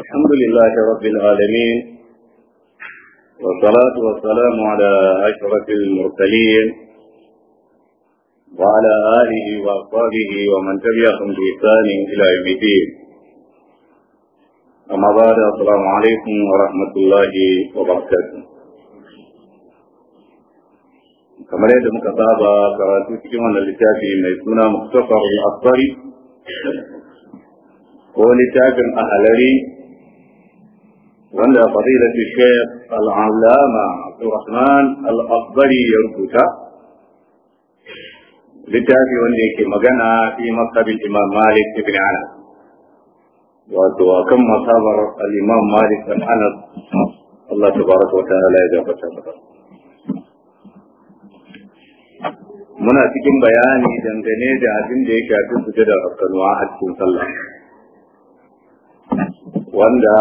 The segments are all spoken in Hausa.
الحمد لله رب العالمين والصلاة والسلام على أشرف المرسلين وعلى آله وأصحابه ومن تبعهم بإحسان إلى يوم الدين أما بعد السلام عليكم ورحمة الله وبركاته kamar yadda muka saba karatu cikin wannan littafi mai suna هو لتاجم أهلري وأن فضيلة الشيخ العلامة عبد الرحمن الأكبري يرفوتا لتاجم أنك مجنى في مكتب الإمام مالك بن عنب وأدوا كم صبر الإمام مالك بن عنب الله تبارك وتعالى يجاوب التابعين muna cikin bayani dangane da abin da ya shafi da afkanuwa a cikin sallah wanda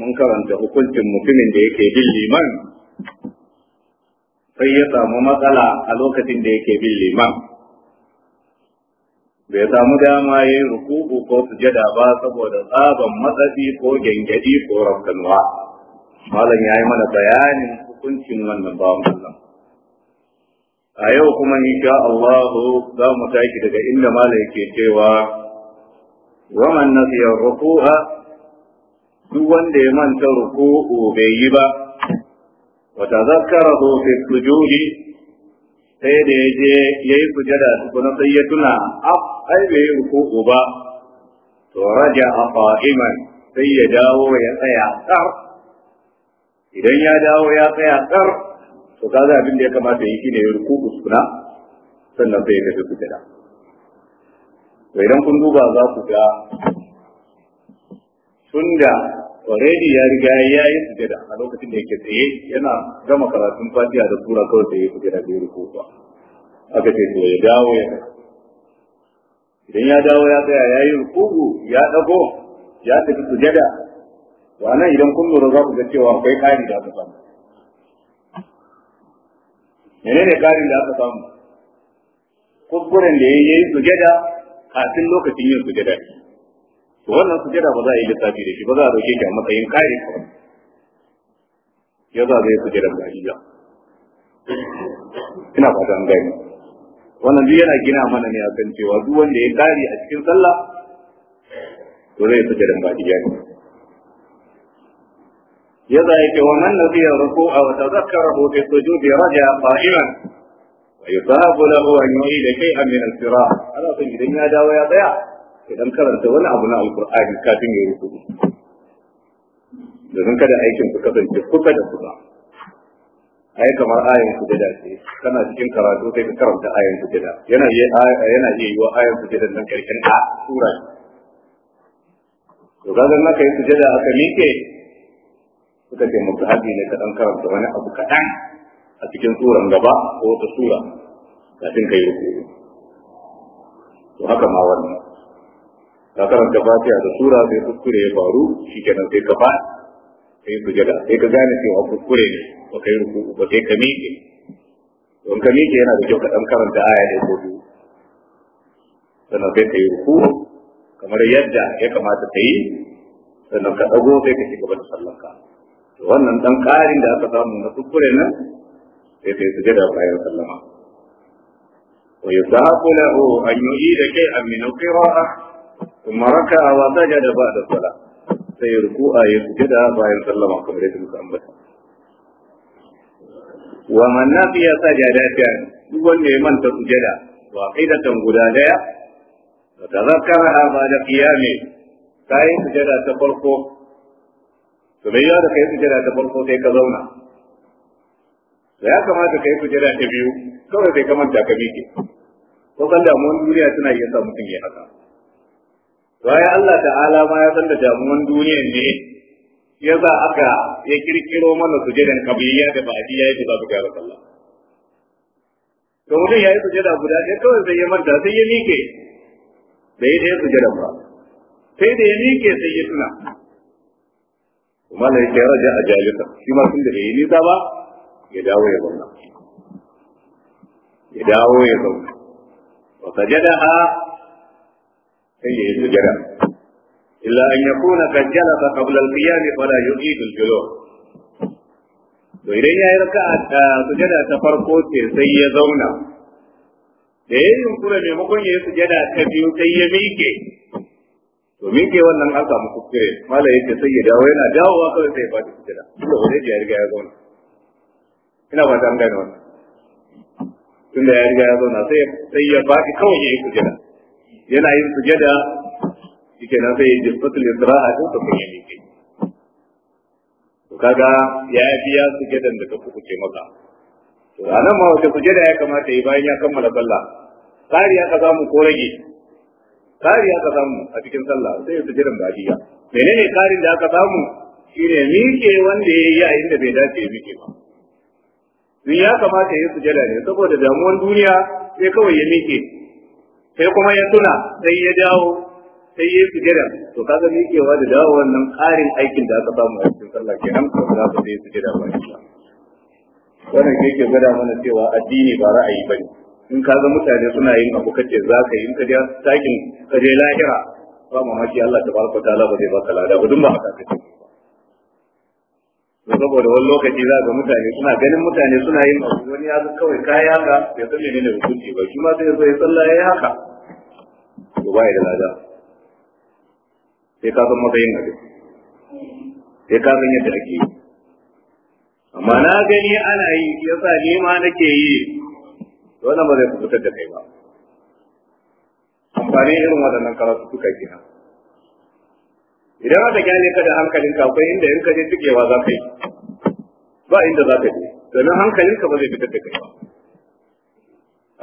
mun karanta hukuncin mutumin da yake bin liman sai ya samu matsala a lokacin da yake bin liman bai samu dama ya yi rukuku ko sujada ba saboda tsaban matsafi ko gyangyaɗi ko rafkanuwa malam ya yi mana bayanin hukuncin wannan bawan Allah a yau kuma insha Allah za mu tashi daga inda mala yake cewa wa man nasiya ruku'a duk wanda ya manta ruku'u bai yi ba wa hu fi sujudi sai da ya je ya yi sujada tukuna sai ya tuna af ai bai ruku'u ba to raja qa'iman sai ya dawo ya tsaya tsar idan ya dawo ya tsaya tsar to kaga abin da ya kamata yi shine ya ruku suna sannan sai ya su gida to idan kun duba za ku ga tunda already ya riga ya yi sujada a lokacin da yake tsaye yana gama karatun fatiya da tura kawai sai ya sujada bai ruku ba aka ce to ya dawo ya idan ya dawo ya tsaya ya yi rukuku ya dago ya tafi sujada to anan idan kun lura za ku ga cewa akwai kari da aka samu menene ƙarin da aka samu kuskuren da ya yi sujada kafin lokacin yin sujada to wannan sujada ba za a yi lissafi da shi ba za a dauke shi a matsayin kare ya za zai sujada shi ya ina fata an gani wannan duk yana gina mana ne akan cewa duk wanda ya ƙari a cikin sallah to zai sujada ba iya ne يدعك ومن نبي الركوع وتذكره في السجود رجع قائما ويطاب له ان يعيد شيئا من الفراق على سجد نادى ويضيع اذا انكرت ولا ابناء نعم القران الكاتم يركوع لذلك كان ايكم فكبر كفك دفضا ايكم ايه فجدا كما تكون كراتو كيف كرمت ايه فجدا ينا ايه ايه فجدا من كريكا سورة وقال لنا كيف فجدا اكميكي suka ce musu haji ne ka ɗan karanta wani abu kaɗan a cikin suran gaba ko wata sura kafin ka yi rukuku to haka ma wannan ka karanta fatiha da sura sai kuskure ya faru shikenan sai ka ba sai jada sai ka gane cewa kuskure ne ba kai ruku ba sai ka miƙe don ka miƙe yana da kyau ka ɗan karanta aya ne ko biyu sannan sai ka yi ruku kamar yadda ya kamata ka yi sannan ka ɗago sai ka shiga ba da sallanka. wannan dan ƙarin da aka samu na kukure nan sai sai suje da bayan sallama wa yusahabu lahu an yu'ida shay'an min qira'a kuma raka wa sajada ba'da sala sai ruku'a ya da bayan sallama kamar yadda muka ambata wa man nafiya ta duk wanda ya manta sujada wa qidatan guda daya wa ba da qiyami sai sujada ta farko to bai yawa da kai sujada ta farko sai ka zauna da ya kamata ka yi sujada ta biyu kawai sai ka manta ka miƙe ko san damuwan duniya tana iya sa mutum ya haka Baya Allah ta'ala ma ya san da damuwan duniya ne ya za aka ya kirkiro mana sujadan kabiliya da ba'diya ya yi ba buga Allah to mutum ya yi sujada guda ɗaya kawai sai ya manta sai ya miƙe bai yi ɗaya sujadan ba sai da ya miƙe sai ya tuna mala yake raja a jalisa shi ma tun da bai yi nisa ba ya dawo ya zauna ya dawo ya zauna wa sajadaha sai ya yi sujada illa an yakuna qad jalasa qabla al-qiyam fala yu'idu al-julus to idan ya yi raka'a ta sujada ta farko ce sai ya zauna da ya yi yunkura maimakon ya yi sujada ta biyu sai ya miƙe to min ke wannan an samu kuskure mala yake sai ya dawo yana dawowa kawai sai ya fadi sujada tunda wani ya riga ya zauna ina ba ta an gane wannan tunda ya riga ya zauna sai sai ya fadi kawai ya yi sujada yana yin sujada yake nan sai ya ji fatul isra'a ko ta kunya ne ke to kaga ya biya sujadan da ka ce maka to anan ma wata sujada ya kamata yi bayan ya kammala sallah tsari aka samu ko rage kari aka samu a cikin sallah sai ya da badiya menene karin da aka samu shine mike wanda ya yi a inda bai dace ya mike ba ni ya kamata ya sujada ne saboda damuwan duniya sai kawai ya mike sai kuma ya tuna sai ya dawo sai ya sujada to kaga mikewa da dawo wannan karin aikin da aka samu a cikin sallah kenan ko za ka yi sujada ba insha wannan yake gwada mana cewa addini ba ra'ayi bane in ka ga mutane suna yin abu kace za ka yi ka je takin ka je lahira ba mu haƙi Allah tabaraka ta'ala ba zai baka lada ba dun ba haka kace saboda wani lokaci za ga mutane suna ganin mutane suna yin abu wani ya kawai kaya haka ya san menene hukunci ba shi ma sai ya zo ya tsalla ya haka to ba ya da lada sai ka san matsayin abin sai ka san yadda ake yi amma na gani ana yi yasa ne ma nake yi to wannan ba zai kubutar da kai ba amfani irin waɗannan karatu suka gina idan aka gane ka da hankalin ka akwai inda in ka je tukewa za ka yi ba inda za ka je domin hankalin ka ba zai fitar da kai ba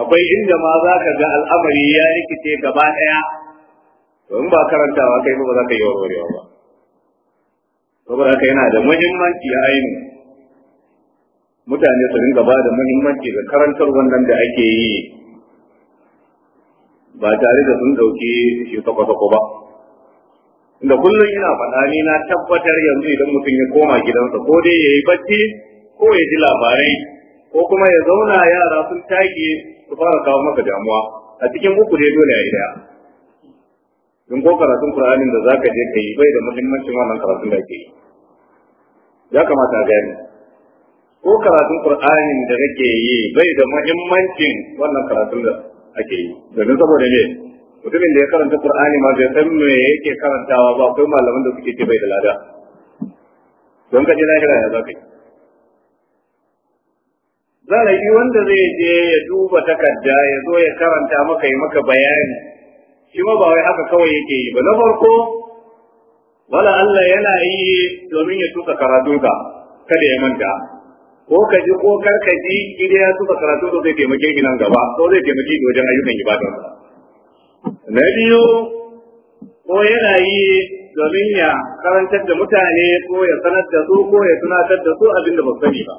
akwai inda ma za ka ga al'amari ya rikice gaba ɗaya Domin ba karantawa kai ba za ka yi warwarewa ba saboda haka yana da muhimmanci a ainihin mutane su ringa ba da muhimmanci ga karantar wannan da ake yi ba tare da sun ɗauki shi sako ba da kullum ina faɗa ne na tabbatar yanzu idan mutum ya koma gidansa ko dai ya yi bacci ko ya ji labarai ko kuma ya zauna yara sun take su fara kawo maka damuwa a cikin uku dai dole ya yi daya in ko karatun Kur'anin da zaka je ka yi bai da muhimmancin wannan karatun da ke yi ya kamata a gani ko karatun qur'anin da kake yi bai da muhimmancin wannan karatun da ake yi domin saboda ne mutumin da ya karanta qur'ani ma bai san me yake karantawa ba akwai malaman da suke ce bai da lada don ka ji kira ya za ka yi wanda zai je ya duba takarda ya zo ya karanta maka yi maka bayani shi ma ba wai haka kawai yake yi ba na farko wala Allah yana yi domin ya tuka karatunka kada ya manta ko ka ji ko kar ka ji ide ya tuba karatu to zai taimake ki nan gaba ko zai taimake ki wajen ayyukan ibadar na biyu ko yana yi domin ya karantar da mutane ko ya sanar da su ko ya tunatar da su abin da ba sani ba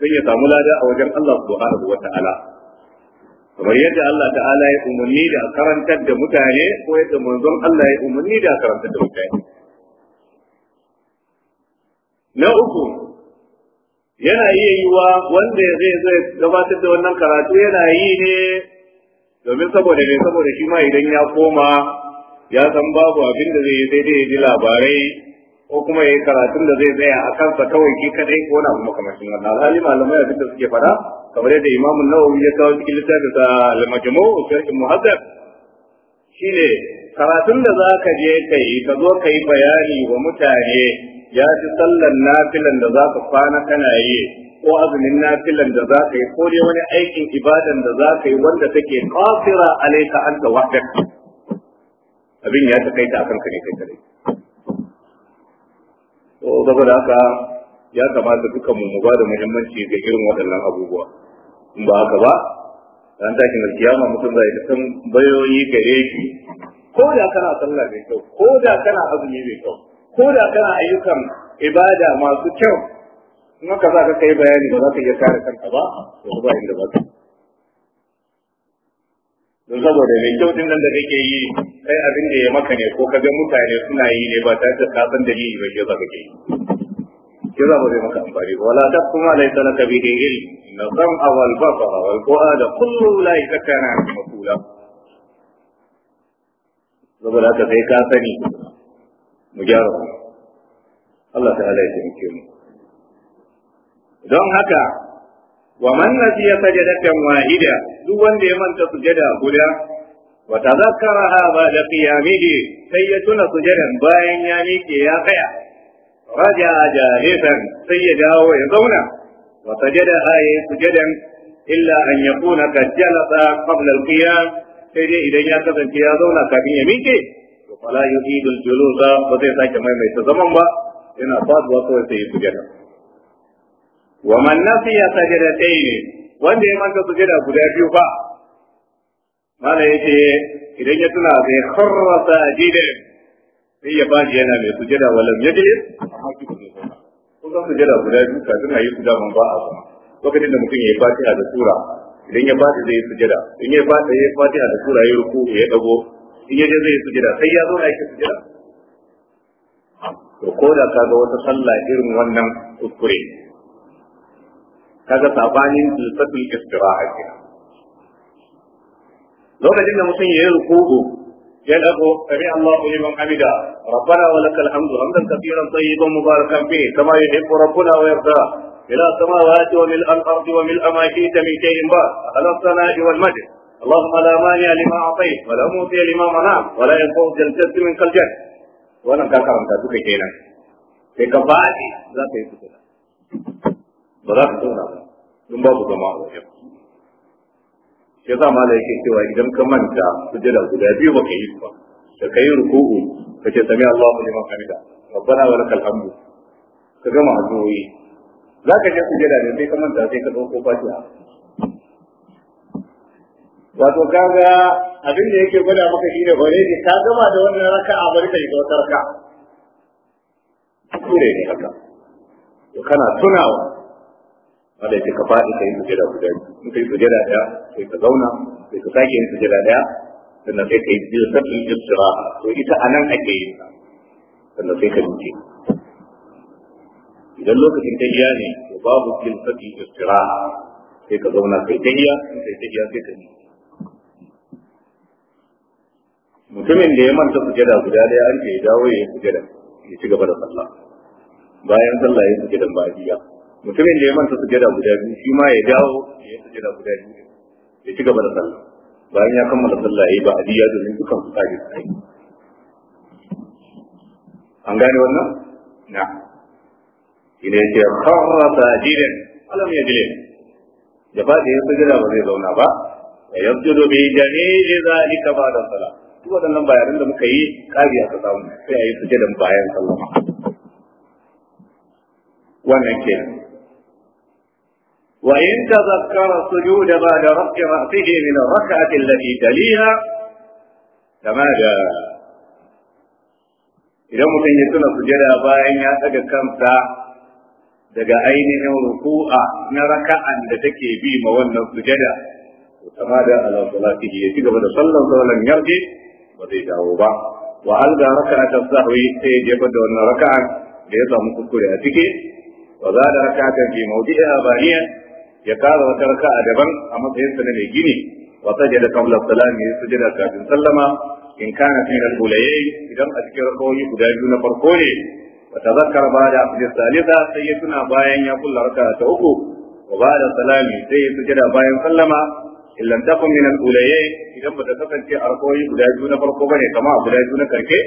sai ya samu lada a wajen Allah subhanahu wa ta'ala kamar yadda Allah ta'ala ya umarni da karantar da mutane ko yadda manzon Allah ya umarni da karantar da mutane na uku yana iya yiwa wanda zai zai gabatar da wannan karatu yana yi ne domin saboda ne saboda shi ma idan ya koma ya san babu abin da zai yi sai dai ya ji labarai ko kuma ya yi karatun da zai tsaya a kansa kawai ki kadai ko na kuma kamashin wannan alhali malamai abin da suke faɗa kamar yadda imamu nawawi ya kawo cikin littafin sa al-majmu sharhin muhaddab shine karatun da za ka je ka yi ka zo ka yi bayani wa mutane ya fi sallan nafilan da za ka kwana kana yi ko azumin nafilan da za ka yi ko dai wani aikin ibadan da za ka yi wanda take kafira alaika anta wahdak abin ya takaita akan ka ne kai kare to saboda haka ya kamata duka mu ba da muhimmanci ga irin waɗannan abubuwa in ba haka ba ran takin kiyama mutum zai ta bayoyi gare shi ko da kana sallah mai kyau ko da kana azumi mai kyau ko da kana ayyukan ibada masu kyau in ka za ka kai bayani ba za ka iya kare kanka ba da ba inda ba don saboda mai kyau din nan da kake yi kai abin da ya maka ne ko ka ga mutane suna yi ne ba tare da kasan dalili ba ke za ka ke yi ke za ba zai maka amfani ba wala ta kuma lai sana ka bi din ilmi na san awal basara wal qur'ana kullu kana da makula saboda haka sai ka sani mu gyara su Allah ta'ala ya taimake mu don haka wa man nasiya sajadatan wahida duk wanda ya manta sujada guda wa ba da qiyamihi sai ya tuna sujadan bayan ya miƙe ya tsaya raja jalisan sai ya dawo ya zauna wa sajadaha ya sujadan illa an yakuna qad jalasa qabla al-qiyam sai dai idan ya kasance ya zauna kafin ya miƙe to fala yuhidu al-julusa ba zai sake maimaita zaman ba yana faduwa kawai sai ya sujada wa man nasiya sajadatayn wanda ya manta sujada guda biyu ba mala yace idan ya tuna sai kharra sajida sai ya faɗi yana mai sujada walam yajlis ko za sujada guda biyu kafin a yi sujadan ba a kuma lokacin da mutum ya yi da idan ya zai yi sujada ya ya da ya ya dago in yaje zai sujada sai ya zo na yake sujada to ko da kaga wata sallah irin wannan kuskure kaga sabanin tilfatul istiraha ke lokacin da mutum ya yi ruku'u ya dago sami Allah Allahu liman hamida rabbana wa lakal hamdu hamdan kathiran tayyiban mubarakan fihi kama yuhibbu rabbuna wa yarda ila samawati wa mil al-ardi wa mil ma shi'ta min shay'in ba ala as-sama'i wal majd اللهم لا مانع لما اعطيت ولا معطي لما منعت ولا ينفع ذا الجد منك الجد wannan ka karanta duka kenan sai ka faɗi za ka yi fitina ba za ka zauna ba don babu zama a wajen shi yasa ma da yake cewa idan ka manta sujada guda biyu ba ka yi ba da ka yi ruku'u ka ce sami Allahu liman hamida rabbana wa hamdu ka gama za ka ka manta wato kaga abin da yake gwada maka shi ne ne ka gama da wannan raka a bari ka yi wata raka'a kure ne haka to kana tunawa wanda yake ka faɗi kai sujada guda in kai sujada ɗaya sai ka zauna sai ka sake yin sujada ɗaya sannan sai ka yi biyu sattul istiraha to ita a nan ake yin sannan sai ka duke idan lokacin iya ne babu biyu sattul istiraha sai ka zauna ta iya sai ta iya sai ka duke mutumin da ya manta sujada guda daya an ke dawo ya yi sujada ya ci gaba da sallah bayan sallah ya sujadan biya. mutumin da ya manta sujada guda biyu shi ma ya dawo ya yi sujada guda biyu ya ci gaba da sallah bayan ya kammala sallah ya yi biya domin dukan su su tsari an gane wannan na ina yake karra sajidan alam ya yajlis da ba da ya sujada ba zai zauna ba ya yasjudu bi jami'i zalika da sala. duk waɗannan bayanan da muka yi ƙari aka samu sai a yi sujadan bayan sallama wannan kenan وإن تذكر السجود بعد رفع رأسه من الركعة التي تليها كما da idan mutum ya tuna sujada bayan ya daga kansa daga ainihin ruku'a na raka'an da take bi ma wannan sujada to kama da ala salatihi ya ci gaba da sallan sallan yarje ba zai dawo ba wa alga raka'a ta sahwi sai ya jefa da wannan raka. da ya samu kuskure a ciki wa za da raka'a ta fi a baniya ya kara wata a daban a matsayin sa na mai gini wa sajada qabla salami ya sujada kafin sallama in kana fi al-ulayayn idan a cikin rakawoyi guda biyu na farko ne wa tazakkara ba'da afdhi salisa sai ya tuna bayan ya kulla raka ta uku wa ba'da salami sai ya sujada bayan sallama illam takun min al-ulayayn idan bata kasance a rakoyi guda biyu na farko bane kama a guda biyu na karke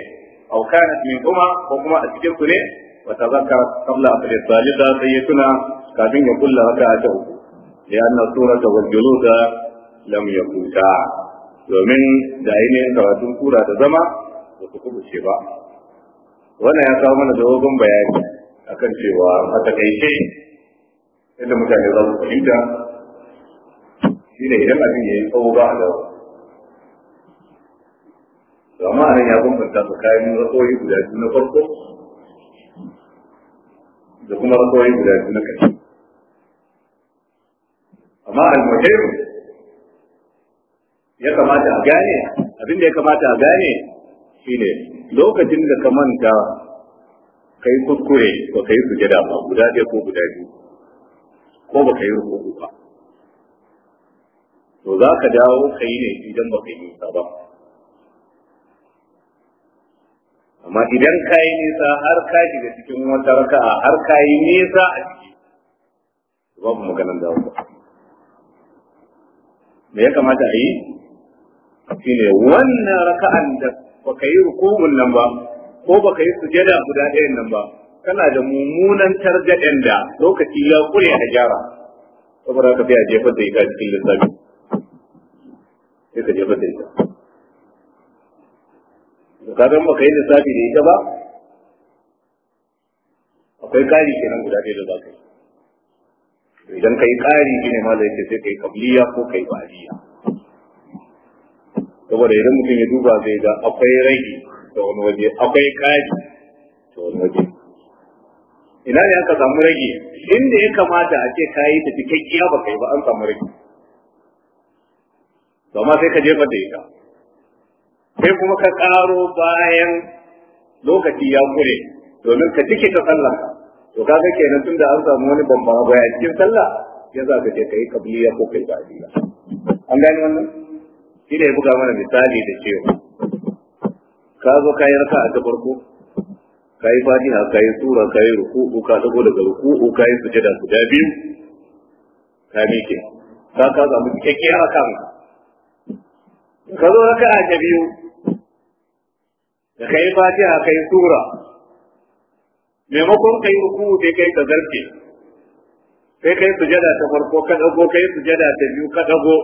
aw kanat min kuma ko kuma a cikin ku ne wa tazakkara qabla asr salisa sai ya tuna kafin ya kulla raka'a ta uku anna surata wal juluda lam yakuta domin da ainihin karatun kura da zama ba su ce ba wannan ya kawo mana dogon bayani akan cewa a takaice yadda mutane za su fahimta shine idan abin ya yi tsawo ba a dawo amma a nan ya bambanta kayan rasoyi guda biyu na farko da kuma rasoyi guda biyu na ƙarshe amma al-muhim ya kamata a gane abin da ya kamata a gane shine lokacin da ka manta kai kuskure ba kai sujada ba guda ɗaya ko guda biyu ko ba kai rukuku ba to za ka dawo ka yi ne idan ba ka yi nisa ba amma idan ka yi nisa har ka shiga cikin wata raka'a har ka yi nisa a ciki ba ku maganar dawo ba me ya kamata a yi shi ne wannan raka'an da ba ka yi hukumun nan ba ko ba ka yi sujada guda ɗayan nan ba kana da mummunan targaɗen da lokaci ya kure a gyara saboda ka fi a jefar da ita cikin lissafi sai ka jefar da ita ka ga baka yi lissafi da ita ba akwai ƙari kenan guda ɗaya da za ka yi idan ka yi ƙari shi ne zai ce sai ka yi kabliya ko ka yi ba'diya saboda idan mutum ya duba zai ga akwai rage da wani waje akwai kari da wani waje ina ne aka samu rage inda ya kamata a ce ka yi ta iya ba kai ba an samu rage to amma sai ka jefa da ita sai kuma ka karo bayan lokaci ya kure domin ka cike ta sallar to kaga kenan tunda an samu wani bambara baya cikin sallah ya za ka je kai kabliya ko kai ba'diya an gane wannan shi ne buga mana misali da cewa ka zo ka yi raka a ta farko ka yi fatiha ka yi sura ka yi ruku'u ka dago daga ruku'u ka yi sujada guda biyu ka miƙe ka ka samu cikakkiyar raka ka zo raka'a ta biyu da kai fatiha kai sura maimakon kai ruku sai kai ka zarce sai kai sujada ta farko ka dago kai sujada ta biyu ka dago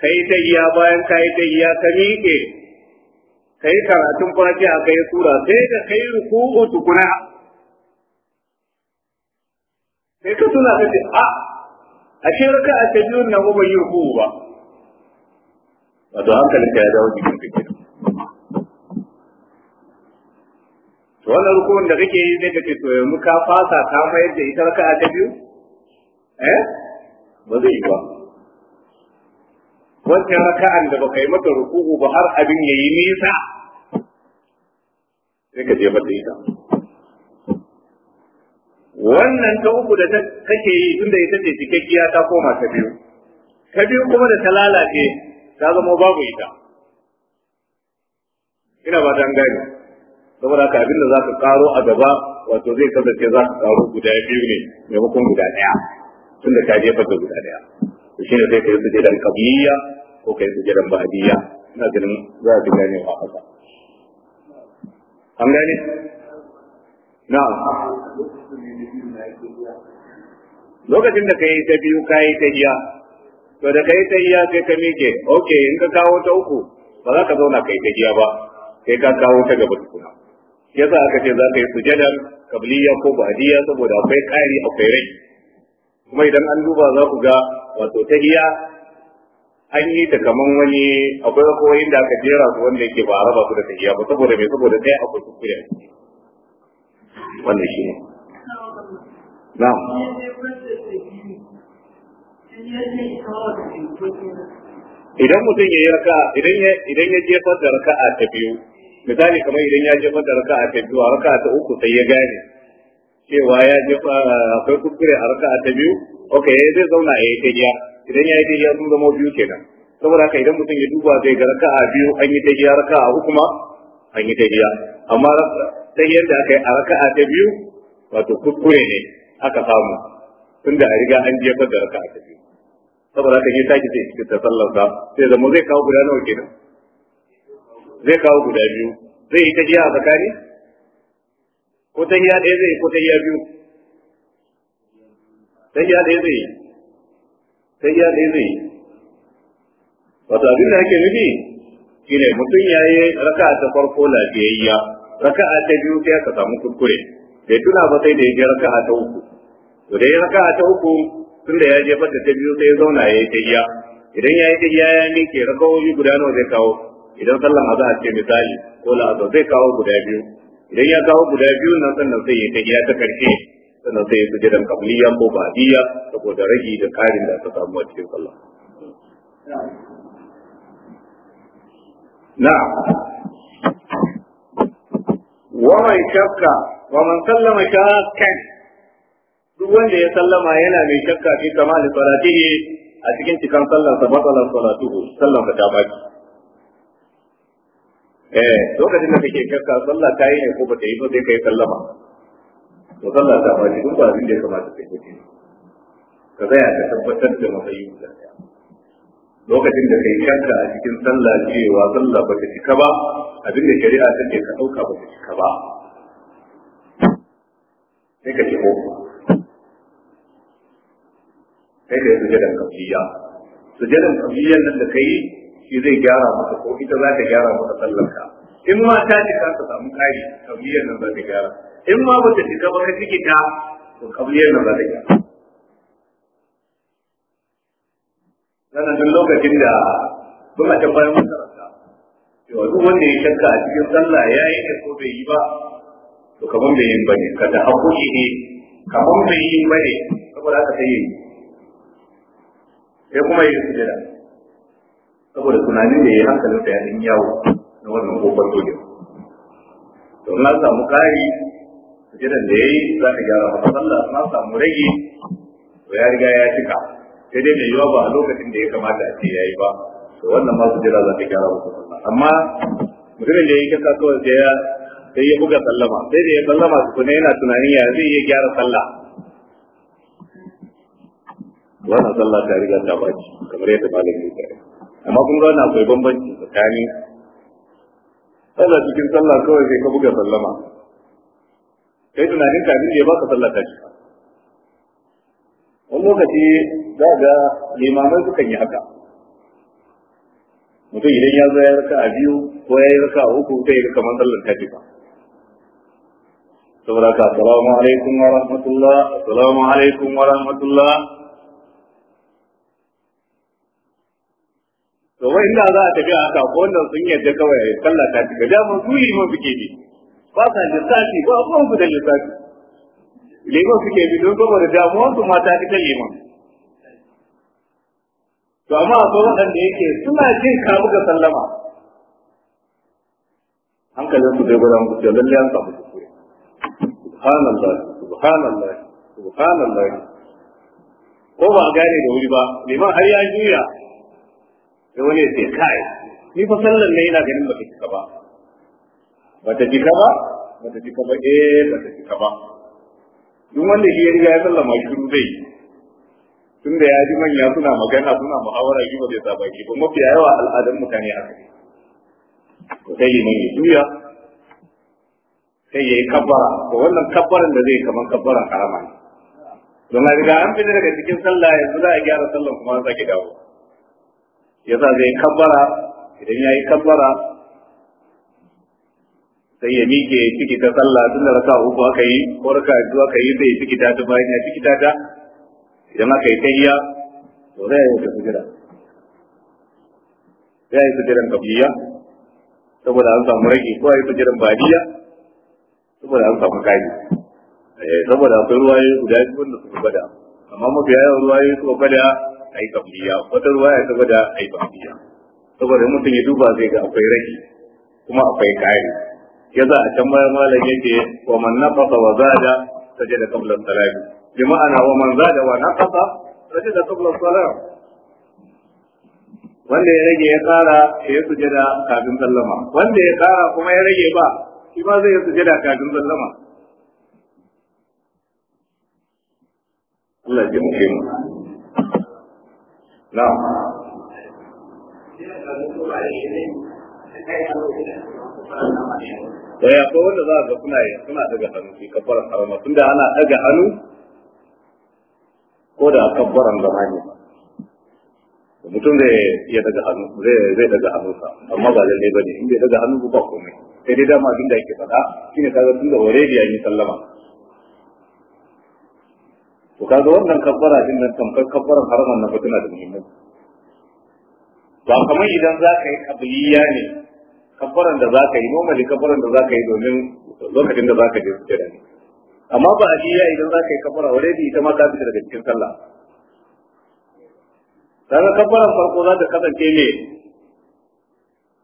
kai ta iya bayan kai ta iya ka miƙe kai karatun fatiha kai sura sai ka kai ruku tukuna sai ka tuna ka ce a ah, ashe raka'a ta biyun nan bai yi ruku ba wato ka ya dawo cikin kake to wannan rukun da kake yi zai kace to yanzu ka fasa ta mayar da ita raka'a ta biyu eh ba zai yi ba wancan raka'an da baka yi mata ruku'u ba har abin yayi nisa sai ka je mata ita wannan ta uku da kake yi tunda ita ce cikakkiya ta koma ta biyu ta biyu kuma da ta lalace ta zama babu ita ina ba dan gane saboda ka abin da za ka karo a gaba wato zai kasance za ka karo guda biyu ne maimakon guda ɗaya tunda ka jefa fata guda ɗaya to shine sai ka yi sujadan qabliya ko ka yi sujadan ba'diyya ina ganin za a fi wa haka an gane na'am lokacin da ka yi ta biyu ka yi ta biya to da kai ta iya sai ka miƙe okay in ka kawo ta uku ba za ka zauna kai ta giya ba sai ka kawo ta gaba tukuna za aka ce za ka yi sujadar kabliya ko ba'adiyya saboda akwai ƙari akwai rai kuma idan an duba za ku ga wato ta iya an yi ta kaman wani akwai rakowayin da aka jera su wanda yake ba a raba su da ta giya ba saboda mai saboda sai akwai kuskure wannan shi ne na'am idan mutum ya yi raka idan ya jefar da raka'a ta biyu misali kamar idan ya jefar da raka'a ta biyu a raka'a ta uku sai ya gane cewa ya jefa akwai kuskure a raka'a ta biyu ok eh, zai zauna eh, ya yi giya, idan ya yi tahiya sun zama biyu kenan saboda haka idan mutum ya duba zai ga raka'a biyu an yi tahiya raka'a uku ma an yi giya, amma tahiyar yadda aka yi a raka'a ta biyu wato kuskure ne aka samu tunda a riga an jefar da raka'a ta biyu saboda haka ya sake sai ta sallarsa sai zama zai kawo guda nawa kenan zai kawo guda biyu zai yi ta jiya a tsakani ko ta iya ɗaya zai yi ko ta iya biyu ta iya ɗaya zai yi ta iya ɗaya zai yi wato abin da ake nufi shine mutum ya yi raka'a ta farko lafiyayya raka'a ta biyu sai aka samu kuskure bai tuna ba sai da ya je raka'a ta uku to da ya raka ta uku tunda ya je fata ta biyu sai ya zauna ya yi tahiya idan ya yi tahiya ya miƙe rakawoyi guda nawa zai kawo idan sallan azhar ce misali ko la'asar zai kawo guda biyu idan ya kawo guda biyu nan sannan sai ya tahiya ta karshe sannan sai ya dan qabliya ko ba'diya saboda ragi da karin da aka samu a cikin sallah نعم ومن شك ومن سلم شاكا duk wanda ya sallama yana mai shakka fi kamal salatihi a cikin cikan sallar sa batalan salatuhu sallar ka ta baki eh lokacin da kake shakka sallah ta yi ne ko ba ta yi ba sai kai sallama to sallar ta baki duk ba abin da ya kamata kai kake ka tsaya ka tabbatar da matsayin ka lokacin da kai shakka a cikin sallah cewa sallah ba ta cika ba abin da shari'a take ka dauka ba ta cika ba sai ka ci ko kai da sujadan kafiya sujadan kafiyan nan da kai shi zai gyara maka ko ita za ta gyara maka sallarka. in ma ta cika ka samu kai kafiyan nan za ta gyara in ma ba ta ka ba ka ciki ta to kafiyan nan za ta gyara sannan lokacin da muna ta bayan makaranta cewa duk wanda ya shakka a cikin sallah ya yi ko bai yi ba to kaman bai yi ba ne ka da haƙoƙi ne kaman bai yi ba ne saboda haka sai yi sai kuma yi sujada saboda tunanin da ya yi hankalin sa ya yi yawo na wannan kofar dokin to na samu kari sujadan da ya yi za ta gyara masa sallah na samu rage to ya riga ya cika sai dai mai yiwa ba a lokacin da ya kamata a ce ya yi ba to wannan ma sujada za ta gyara masa sallah amma mutumin da ya yi kasa kawai sai ya buga sallama sai da ya sallama su kuma yana tunanin ya zai iya gyara sallah wannan sallah ta riga ta baci kamar yadda malamin ya amma kun ga wannan akwai bambanci tsakanin sallah cikin sallah kawai sai ka buga sallama kai tunanin kafin da ya baka sallah ta ci wani lokaci za ga limamai sukan yi haka mutum idan ya zo ya raka a biyu ko ya yi raka a uku sai ya kamar sallar ta ci ba saboda ka assalamu alaikum wa rahmatullah assalamu alaikum wa rahmatullah to wai inda za a tafi a haka ko wannan sun yadda kawai kalla ta fi da mun suli mun fike ne ba sa lissafi ba ko su da lissafi lemon suke bi don da damuwar su mata ita lemon to amma akwai waɗanda yake suna jin ka buga sallama hankalin su bai gudan kuce lalle an samu kuskure subhanallah subhanallah subhanallah ko ba a gane da wuri ba liman har ya juya da wani ya ce kai ni fa sallar ne ina ganin bata kika ba bata kika ba bata kika ba eh bata kika ba duk wanda shi ya riga ya sallama shiru zai tun da ya ji manya suna magana suna muhawara shi ba zai sa baki ba mafi yawa al'adun mutane haka ne sai yi mai duya sai ya yi kabbara ko wannan kabbaran da zai kamar kabbaran karama ne don a riga an fita daga cikin sallah yanzu za a gyara sallan kuma an sake dawo yasa zai kabbara idan ya yi kabbara sai ya miƙe ya ciki ta sallah tun da raka uku aka yi ko raka biyu aka yi sai ya ciki ta ta bayan ya ciki ta ta idan aka yi tayya, to zai yi ta sujira zai yi sujiran kabliya saboda an samu rage ko ya yi sujiran badiya saboda an samu kaji eh, saboda akwai ruwaye guda biyu wanda suka gwada amma mafi yawan ruwaye suka gwada a yi kabliya wata ruwaya ta gwada a yi saboda mutum ya duba zai ga akwai rai kuma akwai kayan ya za a can bayan malam yake wa man nafasa wa zada da qabla salati bi ma'ana wa man zada wa nafasa da qabla salati wanda ya rage ya tsara ya da kafin sallama wanda ya tsara kuma ya rage ba shi ma zai da kafin sallama Allah ya muke mu نعم wai akwai wanda za ga kuna yi suna daga hannu ke kabbaran harama da ana daga hannu ko da kabbaran zama ne mutum zai iya daga hannu zai daga hannu sa amma ba lalle bane in bai daga hannu ba komai sai dai dama abin da yake faɗa shine kaga tunda already ya yi sallama to kaga wannan kabbara din nan tamkar kabbaran haraman nan tana da muhimmanci ba kamar idan za ka yi kabiliya ne kabbaran da za ka yi normally kabbaran da za ka yi domin lokacin da za ka je sujjada ne amma ba a jiya idan za ka yi kabbara already ita ma ta fita daga cikin sallah kaga kabbaran farko za ta kasance ne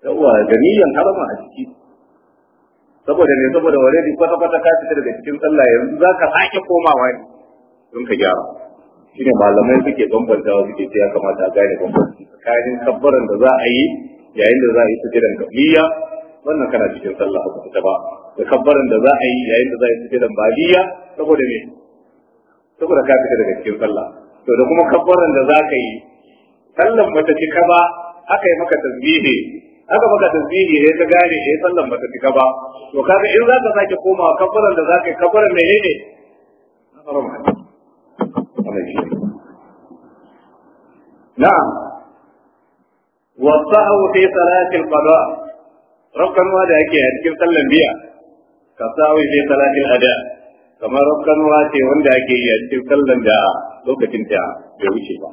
yawa da niyyan harama a ciki saboda ne saboda already kwata-kwata ka fita daga cikin sallah yanzu za ka sake komawa ne don ka gyara shi ne malamai suke bambanta wa suke ce ya kamata a gane bambanci tsakanin kabbaran da za a yi yayin da za a yi sujudan kabliya wannan kana cikin sallah ba ta ba da kabbaran da za a yi yayin da za a yi sujudan baliya saboda me saboda ka fita daga cikin sallah to da kuma kabbaran da za ka yi sallan ba ta cika ba aka yi maka tasbihi aka maka tasbihi ne ta gane eh sallan ba ta cika ba to kaga in za ka sake komawa kabbaran da za ka yi kabbaran ne ne wannan shi na'am wa sahu fi salati al-qada rakkanwa da yake a cikin sallan biya ka sawi fi salati kamar rakkanwa ce wanda ake yi a cikin sallan da lokacin wuce ba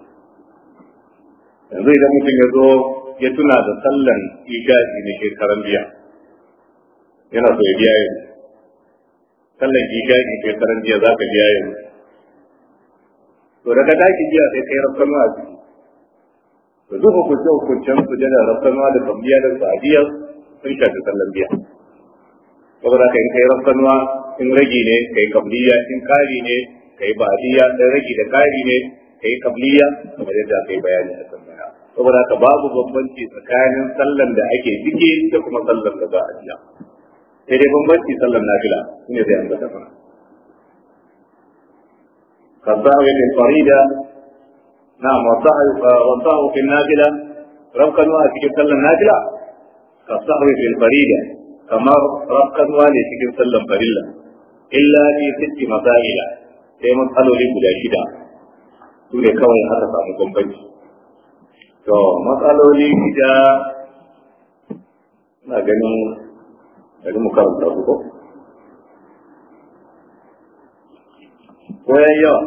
yanzu idan mutum ya zo ya tuna da sallan isha'i na shekaran biya yana so ya biya yanzu sallan isha'i shekaran biya za ka biya yanzu to daga daki jiya sai kai rafsanwa a ciki to duk hukunce hukuncen su jana rafkanwa da tambiya da sa'adiyar sun shafi sallan biya saboda haka in kai rafsanwa, in ragi ne kai kabliya in kari ne kai ba'diya in ragi da kari ne kai kabliya kamar yadda kai bayani a kan baya saboda haka babu bambanci tsakanin sallan da ake ciki da kuma sallan da za a jiya sai dai bambanci sallan nafila shine sai an ga fara. فالدعوة يلي الفريدة نعم رضاه في النازلة ربك نوال في كبتل النازلة رضاه في الفريدة فمر ربك نوال في كبتل فريلا إلا في ست مسائل سيمن قالوا لي مجاشدة تقول يا كوي هذا صاحبكم بني تو مسألوا لي مجا ما جنون مكرم تابوكم ko ya yawa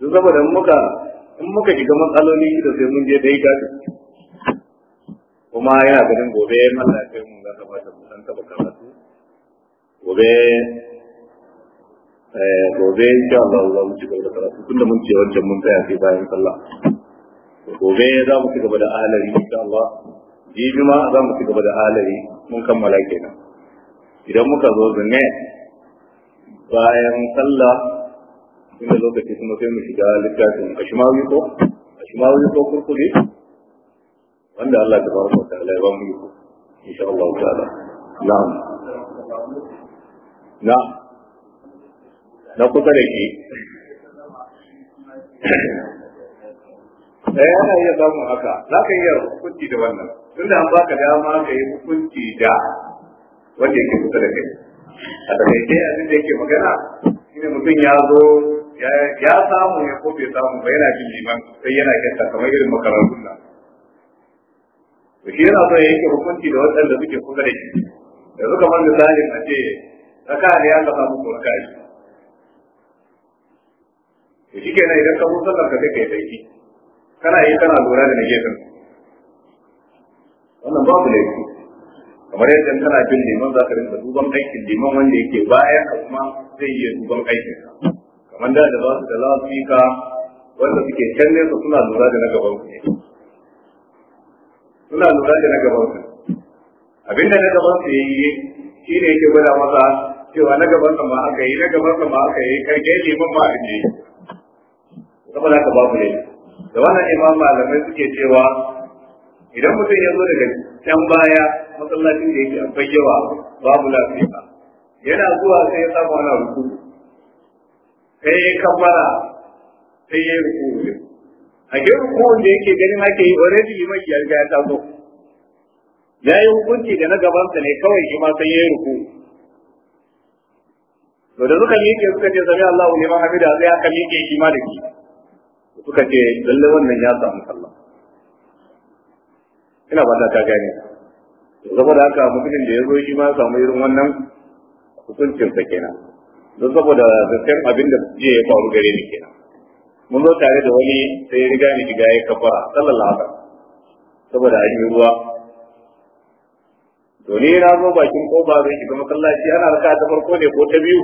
duk saboda in muka in muka shiga matsaloli da sai mun je dai gashi kuma yana ganin gobe Allah kai mun ga bata mu san taba karatu gobe eh gobe insha Allah za mu ci gaba da karatu tunda mun ce wancan mun tsaya sai bayan sallah gobe za mu ci gaba da ahalari insha Allah jibi ma za mu ci gaba da ahalari mun kammala kenan idan muka zo zanne bayan sallah inda lokaci kuma sai mu shiga littafin ashimawi ko ashimawi ko kurkure wanda Allah ta baraka ta Allah ya ba mu yi ko insha Allah ta'ala na'am na na kusa da shi eh yana iya samun haka za ka iya hukunci da wannan tunda an baka dama ka yi hukunci da wanda yake kusa da kai a takaice abin da yake magana shine mutum ya zo ya samu ya ko bai samu ba yana jin liman sai yana kyanta kamar irin makarantun nan to shi yana so ya yanke hukunci da waɗanda suke kusa da shi da suka bar misalin a ce raka ne ya samu ko raka shi to shi kenan idan ka zo sallar ka sai kai sarki kana yi kana lura da na gefen wannan babu laifi kamar yadda kana jin liman za ka rinka duban aikin liman wanda yake bayan ka kuma zai iya duban aikin ka kamar da da su da lafika wanda suke can nesa suna lura da na gaban ku ne suna lura da na gaban ku abinda na gaban ku yayi shi ne yake gwada masa cewa na gaban ka ma aka yi na gaban ka ma aka yi kai kai liman ma abin kuma da ka ku ne da wannan imam malamai suke cewa idan mutum ya zo daga can baya masallacin da yake akwai yawa babu lafiya yana zuwa sai ya samu ana ruku sai ya kammala sai ya ruku a ke ruku da yake ganin ake yi already liman ya riga ya taso ya yi hukunci da na gabansa ne kawai shi ma sai ya yi ruku to da suka miƙe suka ce sami Allahu liman hamida sai aka miƙe shi ma da shi suka ce lalle wannan ya samu sallah ina ba ta gane saboda haka mutumin da ya zo shi ma samu irin wannan hukuncin sa kenan don saboda zaton abin da je ya faru gare ni kenan mun zo tare da wani sai ya riga ni shiga ya kafara sallallahu alaihi saboda an yi ruwa to ni na zo bakin koba zai shiga masallaci ana raka ta farko ne ko ta biyu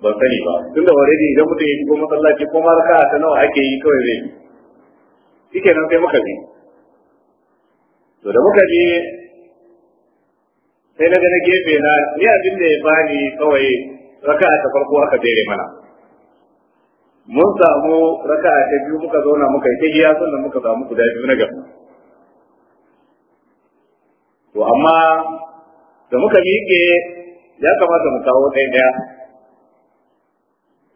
ban sani ba tun da wani idan mutum ya shigo masallaci ko ma raka ta nawa ake yi kawai zai yi kenan sai muka bi to da muka je sai na gane na gefe na ni abin da ya bani kawai raka'a ta farko aka dare mana mun samu raka'a ta biyu muka zauna muka yi ta iya sannan muka samu guda biyu na gaba to amma da muka miƙe ya kamata mu kawo ɗaya ɗaya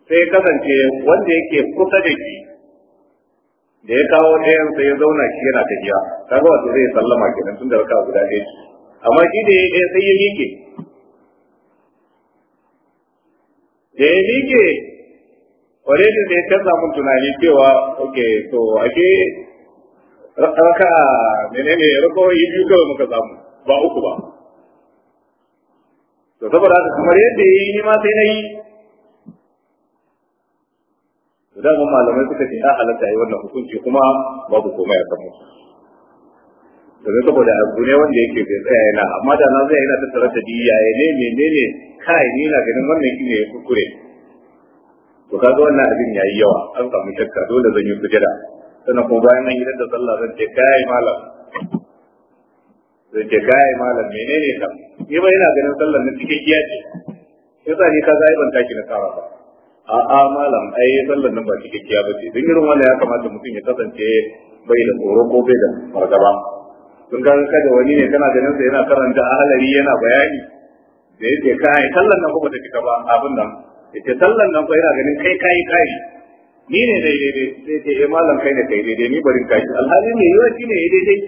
sai kasance wanda yake kusa da shi da ya kawo ɗayan sai ya zauna shi yana tafiya kaga wato zai sallama kenan tun da raka'a guda ɗaya amma shi da ya ɗaya sai ya miƙe da ya miƙe kware da ya canza mun tunani cewa ok to ake raka menene yi biyu kawai muka samu ba uku ba to saboda haka kamar yadda ya yi ni ma sai na yi da malamai suka ce ya halatta yi wannan hukunci kuma babu komai a kan mutum domin da abu ne wanda yake bai tsaya yana amma da na zai yana tattara da diya ya ne ne? ne kai ni na ganin wannan shi ne ya kukure to kaga wannan abin yayi yawa an samu shakka dole zan yi sujada sannan kuma bayan nan idan da sallah zan ce kai malam zai ce kai malam menene kam ni ba ina ganin sallar na cikin giya ce yasa ni kaga ai ban taki na kara ba a'a malam ai sallar nan ba cikakkiya ba ce don irin wannan ya kamata mutum ya kasance bai da tsoro ko bai da fargaba kun ga kada wani ne kana ganin sa yana karanta ahalari yana bayani da yake kai sallan nan kuma take cika ba abin nan yace sallan nan fa yana ganin kai kai kai ni ne dai dai dai sai ce eh malam kai ne kai dai dai ni barin kai alhali ne yau shi ne dai dai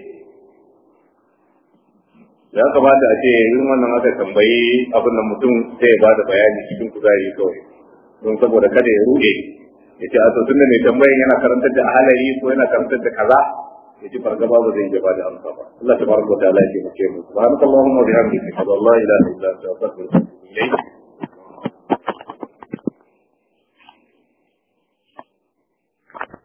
ya kamata a ce yin wannan aka tambayi abin nan mutum sai ya bada bayani cikin kuzari kawai don saboda kada ya rude ya ce a to tunda mai tambayin yana karantar da ahalari ko yana karantar da kaza ya ji fargaba ba zai gaba da amsa ba Allah tabaraka wa ta'ala ya ce mu subhanakallahumma wa bihamdika wa la ilaha illa anta astaghfiruka wa atubu ilayk